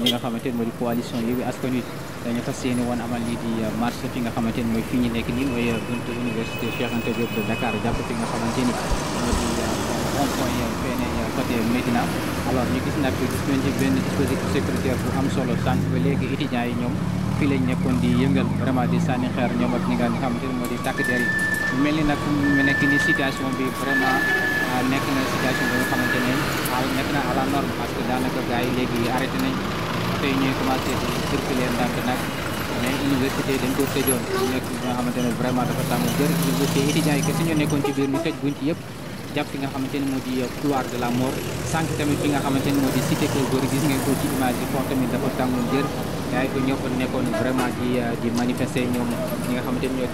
li nga xamante ne moo di coalition Yewwi Askan Wi dañu fas yéene woon amal lii di euh, marche fi nga xamante ne mooy fi ñu nekk nii mooy euh, buntu université Cheikh Anta Diop de Dakar jàpp fi nga xamante ni moo di euh, rond gis nag gis nañ ci benn dispositif sécuritaire bu am solo sànq ba léegi étudiants yi ñoom fii lañ nekkoon di yëngal vraiment di sànni xeer ñoom ak ñi nga xamante ne moo di takk der mel ni nag mu nekk ni situation bi vraiment nekk na situation bi nga xamante ne yi léegi arrêté nañ oto yi ñuy commencé di circuler ndànk nag mais université dañ ko tëjoon la mort sànq nga xamante ne ne ñoo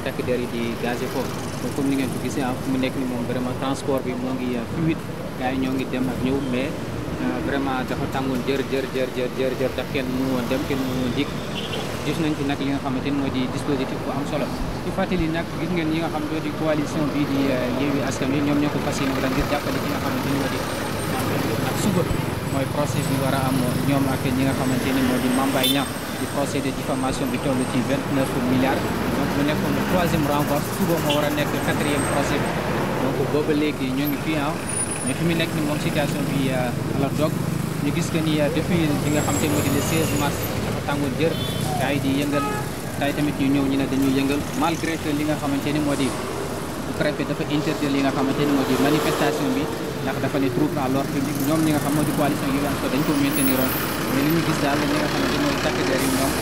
takk der yi di gazé foofu donc comme ni ngeen ko gisee ah fu mu nekk ni moom vraiment transport bi moo ngi fluide gars yi ñoo ngi dem ak ñëw mais Euh, vraiment dafa tàngoon jër jër jër jër jër jër te kenn mënu woon dem kenn mënu woon dikk gis nañ ci nag li nga xamante ni moo di dispositif bu am solo ci fàttali nag gis ngeen ñi nga xam doo di coalition bii di euh, Yewwi Askan Wi ñoom ñoo ko fas ni moo di bi war a am ñoom ak ñi nga xam xamante ne moo di Mame Mbaye Niang di procès de diffamation bi toll ci 29 milliards donc mu nekkoon le troisième renvoi suba moo war a nekk quatrième procès mais fi mu nekk ni moom situation bi euh, la dog ñu gis que ni euh, depuis li nga xam te moo di le 16 mars dafa jër di yëngal tay tamit ñu ñëw ñu ne dañuy yëngal malgré que li nga xamante ni moo di préfet dafa interdire li nga xamante ni moo di manifestation bi ndax dafa ne trouble à l'ordre public ñoom ñi nga xam moo di coalition yi ko dañ ko maintenir oon mais li ñu gis daal li nga xamante ni moo di takk der yi ñoom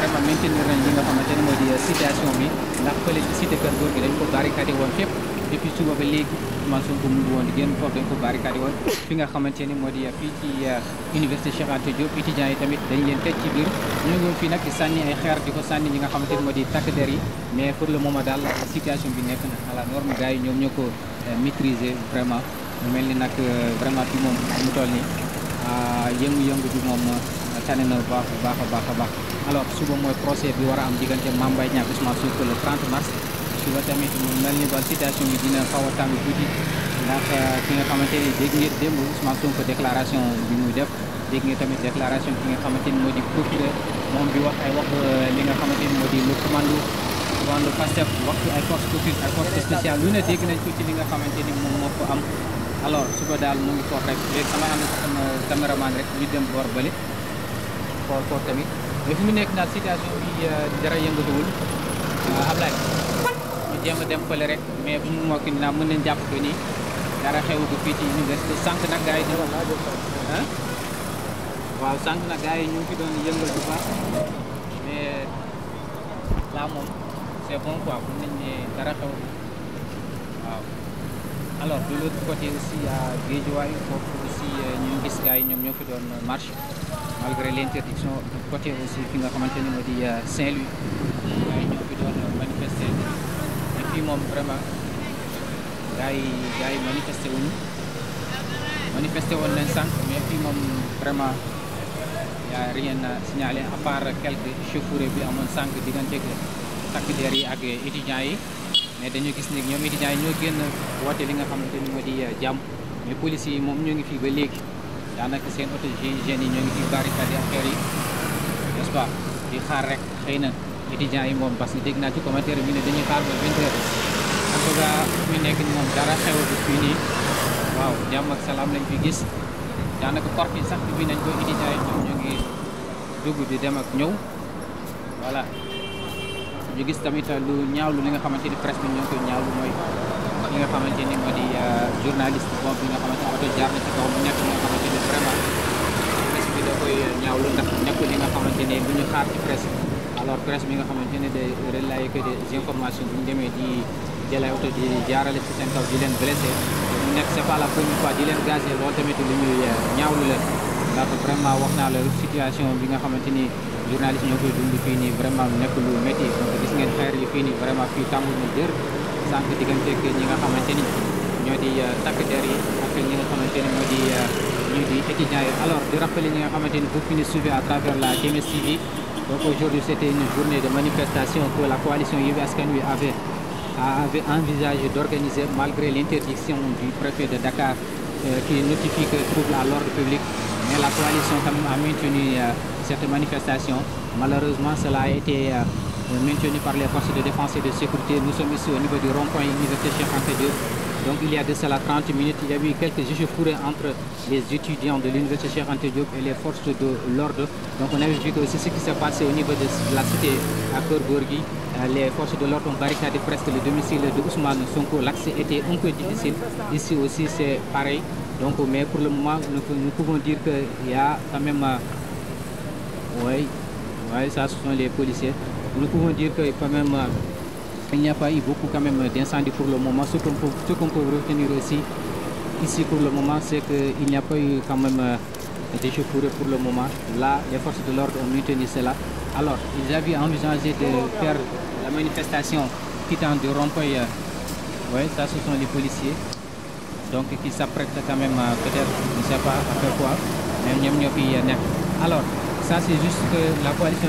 vraiment maintenir nañ li nga xamante ni moo di euh, situation bi ndax fële ci cité kër gi dañ ko barricadé woon fépp depuis suba ba léegi Ousmane Sonko mu ngi woon di génn foofu dañ ko barricadé woon fi nga xamante ni moo di fii ci euh, université Cheikh Anta Diop yi tamit dañ leen tëj ci biir ñu ngi woon fii nag sànni ko sànni ñi nga xamante ni moo di takk der yi mais bi nekk na à la norme gars yi ñoom ñoo ko euh, maîtriser vraiment mu mel ni nag euh, vraiment fi moom mu toll ni yëngu-yëngu bi moom tane na baax baax a baax a baax alors suba mooy procès bi war a am diggante Mame Mbaye Niang Ousmane Sonko le 30 mars ci ba tamit mu mel ni ba situation bi a tàng tuuti ndax ki nga xamante ni dégg ngeen démb Ousmane Sonko déclaration bi muy def dégg ngeen tamit déclaration ki nga xamante ni moo di procureur moom bi wax ay li nga xamante ni moo di le commando commando Pastef wax ci ay dégg nañ ko ci nga xamante ni moom moo ko am alors suba daal mu ngi foofu rek léegi sama ànd sama caméraman rek ñu dem boor bële xool foofu tamit mais mu nekk daal situation bi dara yëngatuwul euh, Ablaye jéem a dem fële rek mais bu ñu mokki naa mën nañ jàpp ko nii dara xew ko fii ci université sànq nag gars yi ah waaw sànq nag gars yi ñoo ngi fi doon yëngal bu baax mais moom c'est bon quoi bu nañ ne dara xewu waaw alors de l'autre côté aussi à Guédiawaye foofu aussi euh, ñu gis gaa yi ñoom ñoo fi doon marché malgré l'interdiction du côté aussi fi nga xamante ni moo di euh, Saint-Louis gars ñoo fi doon manifester fii moom vraiment gars yi gars yi manifesté wuñu manifesté woon nañ sànq mais fii moom vraiment y a e e na à signaler à part quelques échauffourées bi amoon sànq diggante takk der yi ak étudiants yi mais dañu gis ni ñoom étudiants yi ñoo génn woote li nga xamante ni moo di jàmm mais police yi moom ñoo ngi fii ba léegi daanaka seen auto jeunes yi ñoo ngi fii barricade affaire yi n'est-ce pas di xaar rek xëy na étudiants yi moom parce que dégg naa ci commentaire bi ne dañuy xaar ba vingt nekk moom dara bi nii waaw jàmm ak salaam lañ fi gis daanaka porte sax bi nañ ko étudiants yi ñoom ñu ngi dugg di dem ak ñëw voilà ñu gis tamit lu ñaawlu li nga xamante ni presque ñu koy ñaawlu mooy li nga xamante euh, ndax nekkul li nga xamante ni lu xaar ci presse alors presse bi nga xamante ne day relayer que des informations bu ñu demee di jëlay oto di jaarale ci seen kaw di leen blessé ñu nekk c'est pas la première di leen gazé loolu tamit lu ñuy euh, ñaawlu leen ndax vraiment wax naa la situation bi nga xamante ni journaliste ñoo koy dund fii nii vraiment nekk lu métti donc gis ngeen xeer yi fii nii vraiment fii tàmbul na jër sànq diggante ak ñi nga xamante ni ñoo di euh, takk der yi ak ñi nga xamante Donc aujourd'hui, c'était une journée de manifestation que la coalition Yves avait, avait envisagé d'organiser malgré l'interdiction du préfet de Dakar euh, qui notifie que trouble à l'ordre public. Mais la coalition quand même, a maintenu euh, cette manifestation. Malheureusement, cela a été euh, par les forces de défense et de sécurité. Nous sommes ici au niveau du rond-point Université Cheikh Donc il y a de cela 30 minutes, il y a eu quelques échauffourées entre les étudiants de l'Université Cheikh Anta Diop et les forces de l'ordre. Donc on a vu que c'est ce qui s'est passé au niveau de la cité à Keur Gorgui. Euh, les forces de l'ordre ont barricadé presque le domicile de Ousmane Sonko. L'accès était un peu difficile. Ici aussi c'est pareil. Donc mais pour le moment nous pouvons dire qu'il y a quand même oui, euh, oui, ça ce sont les policiers. Nous pouvons dire Il n'y a pas eu beaucoup quand même d'incendies pour le moment. Ce pour le moment, c'est qu'il n'y euh, de feux pour le moment. Là, les forces de l'ordre ont maintenu cela. Alors, ils avaient de faire la manifestation quittant de rond-point. Euh, oui, ça ce sont les policiers. Donc qui s'apprêtent quand même euh, peut-être, je ne sais pas, à faire quoi. Euh, Alors, ça c'est juste que la coalition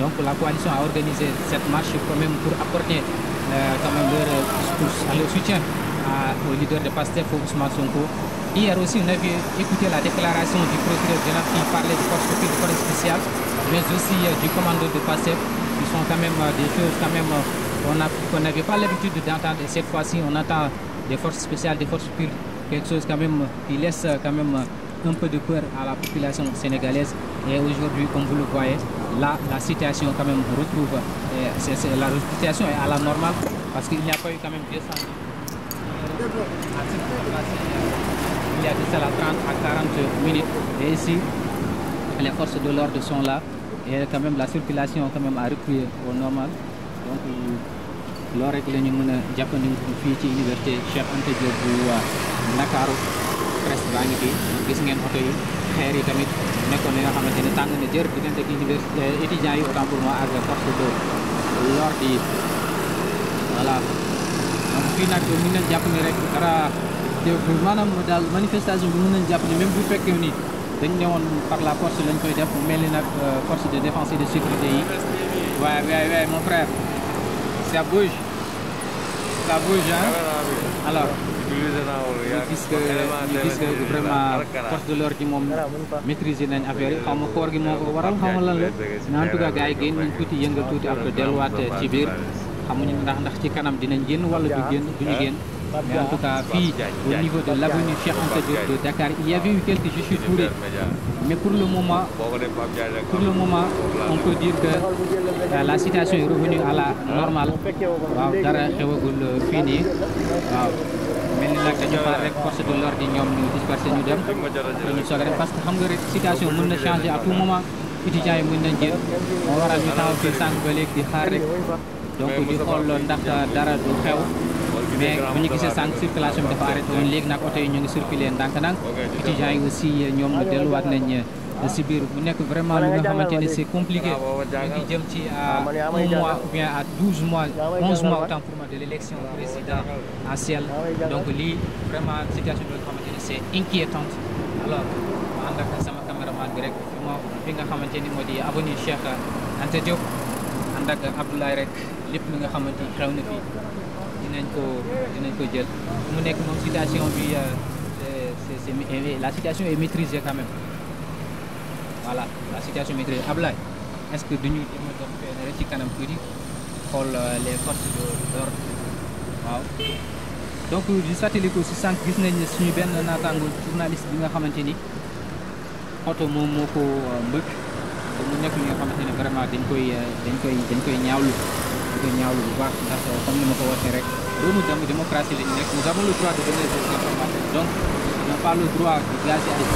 Donc la coalition a organisé cette marche quand même pour apporter euh, quand même leur, euh, leur soutien à, au leader de PASTEF, Ousmane Sonko. Hier aussi, on écouté la déclaration du procureur Général qui parlait de force de force spéciale, mais aussi euh, du commando de PASTEF, qui sont quand même des choses quand même qu'on n'avait pas l'habitude d'entendre. cette fois-ci, on entend des forces spéciales, quelque chose quand même qui laisse quand même un peu de peur à la population sénégalaise. Et aujourd'hui, comme vous le voyez, la situation quand même retrouve, et euh, c est, la situation est à la normale parce qu'il n'y a pas quand même 200 000. de cela à minutes. Et ici, les forces de l'ordre sont là. Et quand même, la circulation quand même a repris au normal. Donc, loolu rek la ñu mën a jàppandiku fii ci université Cheikh Anta Diop bu euh, presse baa ngi fii gis ngeen oto yi xeer yi tamit nekkoon li nga xamante ni tàng na jër diggante ak université euh, étudiants yi autant pour moi ak force de l'ordre yi voilà donc fii nag mën nañ jàpp ni rek dara maanaam daal manifestation bi mën nañ jàpp ni même bu fekkee ni dañ ne woon par la force lañ koy def mel ni nag euh, force de défense de sécurité yi waaye waaye waaye mon frère ça bouge ça bouge hein ah alors ñu gis que ñu gis que vraiment force de l'ordre ci nañ affaire yi xaw ma koor gi moo la mais yi génn nañ tuuti delluwaat ci biir xamuñu ndax ndax ci kanam dinañ génn wala du génn duñu génn mais en tout cas fii au niveau de l'avenue Cheikh pour le moment pour le la situation est la normale waaw dara xewagul fii nii waaw ni làkk par rek force de l'ordre yi ñoom ñu dispersé ñu dem ñu soog a dem parce que xam nga rek situation mën na changer à tout moment étudiants yi mën nañ jël waral ñu taxaw fii sànq ba di xaar rek donc di xool ndax dara du xew mais bu ñu gisee sànq circulation dafa arrêté woon léegi nag oto yi ñu ngi circulé ndànk-ndànk étudiants yi aussi ñoom delluwaat nañ si biir mu nekk vraiment lu nga xamante ne c'est compliqué ñu ngi jëm ci à euh, ah, un mois ou bien à douze mois onze mois autant pour moi de l'élection présidentielle donc lii vraiment situation bi nga xamante ne c'est inquiétante sama caméraman bi rek fi nga xamante ni moo di avenue Cheikh Anta Diop ànd ak Abdoulaye rek lépp lu nga xamante ni xew na fi dinañ ko dinañ ko jël mu nekk moom situation bi euh, c'est la situation est maîtrisée quand voilà la situation maîtrisée Ablaye est-ce que du ñuy a dox fenn rek ci kanam tuuti xool euh, les forces de l'ordre waaw donc euh, di satellite aussi sànq gis nañ ne suñu benn naataango journaliste bi nga xamante ni oto moom moo ko euh, mbëkk mu nekk li nga xamante ni vraiment dañ koy dañ koy dañ koy ñaawlu dañ koy ñaawlu bu baax ndax comme ni ma ko waxee rek doomu dam démocratie la ñu nekk nous avons le droit de donner des informations donc on n'a pas droit de glacer ay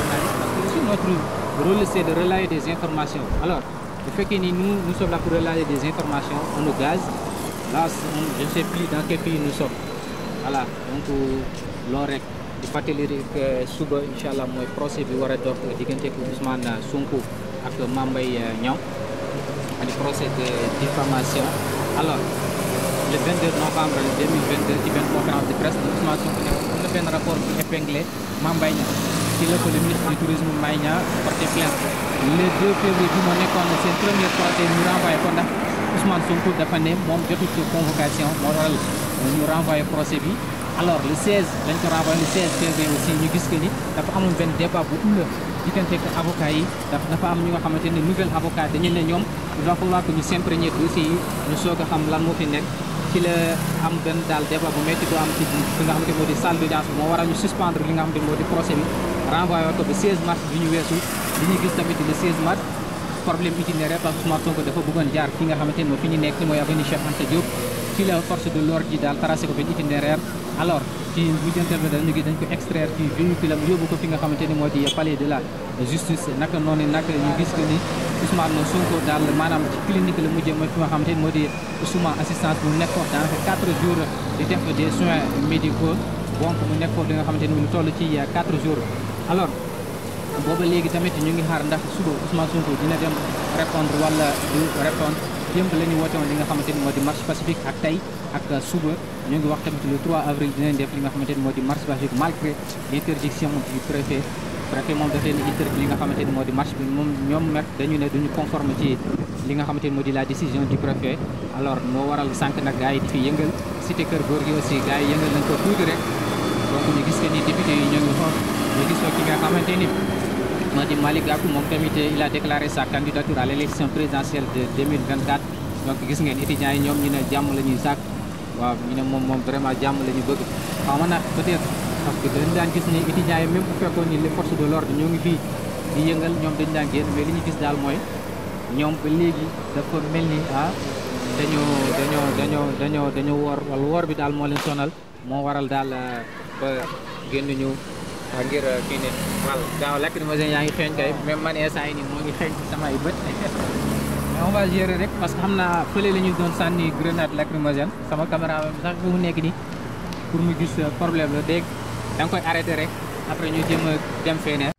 journalistes Le rôle, c'est de des informations. Alors, bu fait que nous, nous sommes là pour relayer des informations, on nous gaz. Là, on, je ne plus dans quel pays nous sommes. Voilà, donc euh, loolu rek di fàttali rek euh, suba incha allah mooy procès bi war a dox diggante ko Ousmane Sonko ak Mame Mbaye Niang di procès de diffamation alors le novembre 2022 ci benn conférence de presse Ousmane Sonko ne am na rapport bu épinglé Mame Mbaye ci la ko le tourisme Mbaye porté plainte le 2 février bi moo nekkoon seen première fois tey ñu renvoyé ko ndax Ousmane Sonko dafa ne moom jotut ci convocation moo waral ñu renvoyé procès bi alors le 16 dañ ko renvoyé le 16 février aussi ñu gis que ni dafa amoon benn débat bu ëllëg diggante ak avocat yi dafa am ñu nga xamante ne nouvelle avocat dañu ne ñoom il va falloir que ñu s'imprégner dossier yi ñu soog a xam lan moo fi nekk ci la am benn daal débat bu métti doo am ci li nga xamante moo di salle bi moo waral ñu suspendre li nga xamante moo di procès bi renvoyé ko ba 16 mars bi ñu weesu li ñu gis tamit le 16 mars problème itinéraire parce que Ousmane Sonko dafa bëggoon jaar fi nga xamante ne moo fi ñu nekk ni mooy avenue Cheikh Anta Diop ci la force de l'ordre ji daal tracé ko benn itinéraire alors ci bu jëntal bi dañu gis dañ ko extraire ci véhicule am yóbbu ko fi nga xamante Euh, justice naka noonu naka ñu gis que ni Ousmane Sonko daal maanaam ci clinique la mujjee mooy fi nga xamante moo di suma assistance bu nekkoon daanaka quatre jours di def des soins médicaux donc mu nekkoo li nga xamante ni mu ngi toll ci euh, quatre jours alors booba léegi tamit ñu ngi xaar ndax suba Ousmane Sonko dina dem répondre wala du répondre démb la ñu woote li nga xamante ni moo di marche pacifique ak tey ak euh, suba ñu ngi wax tamit le 3 avril dinañ def li nga xamante ni moo di marche pacifique malgré l'interdiction préfet moom daf leen interdit li nga xamante ni moo di marche bi moom ñoom dañu ne duñu conforme ci li nga xamante ni moo di la décision du préfet alors moo waral sànq nag gars di fi yëngal cité kër góor gi aussi yëngal nañ ko tuuti rek donc ñu gis yi ñoo ngi foofu ñu gis ko ki nga xamante ni moo di Malick Gakou sa candidature à l' élection présidentielle de ngeen étudiants yi ñoom ñu ne jàmm la ñuy sàkk waaw ñu ne moom moom vraiment jàmm la ñu bëgg xaw nag peut parce que dañ daan gis ne étudiants yi même bu fekkoon ni les forces de l'ordre ñoo ngi fii di yëngal ñoom dañ daan génn mais li ñu gis daal mooy ñoom ba léegi dafa mel ni ah dañoo dañoo dañoo dañoo dañoo woor bi daal moo leen sonal moo waral daal ba génn ñu ah, ngir ah, kii ne wàll daaw yaa ngi xeeñ kay même man instant yi nii moo ngi xeeñ samay bët on va gérer rek parce que xam naa fële la ñu doon sànni grenade lacrymogène sama caméra bi sax fi mu nekk nii pour mu gis ah, da nga koy arrêté rek après ñu jéem a dem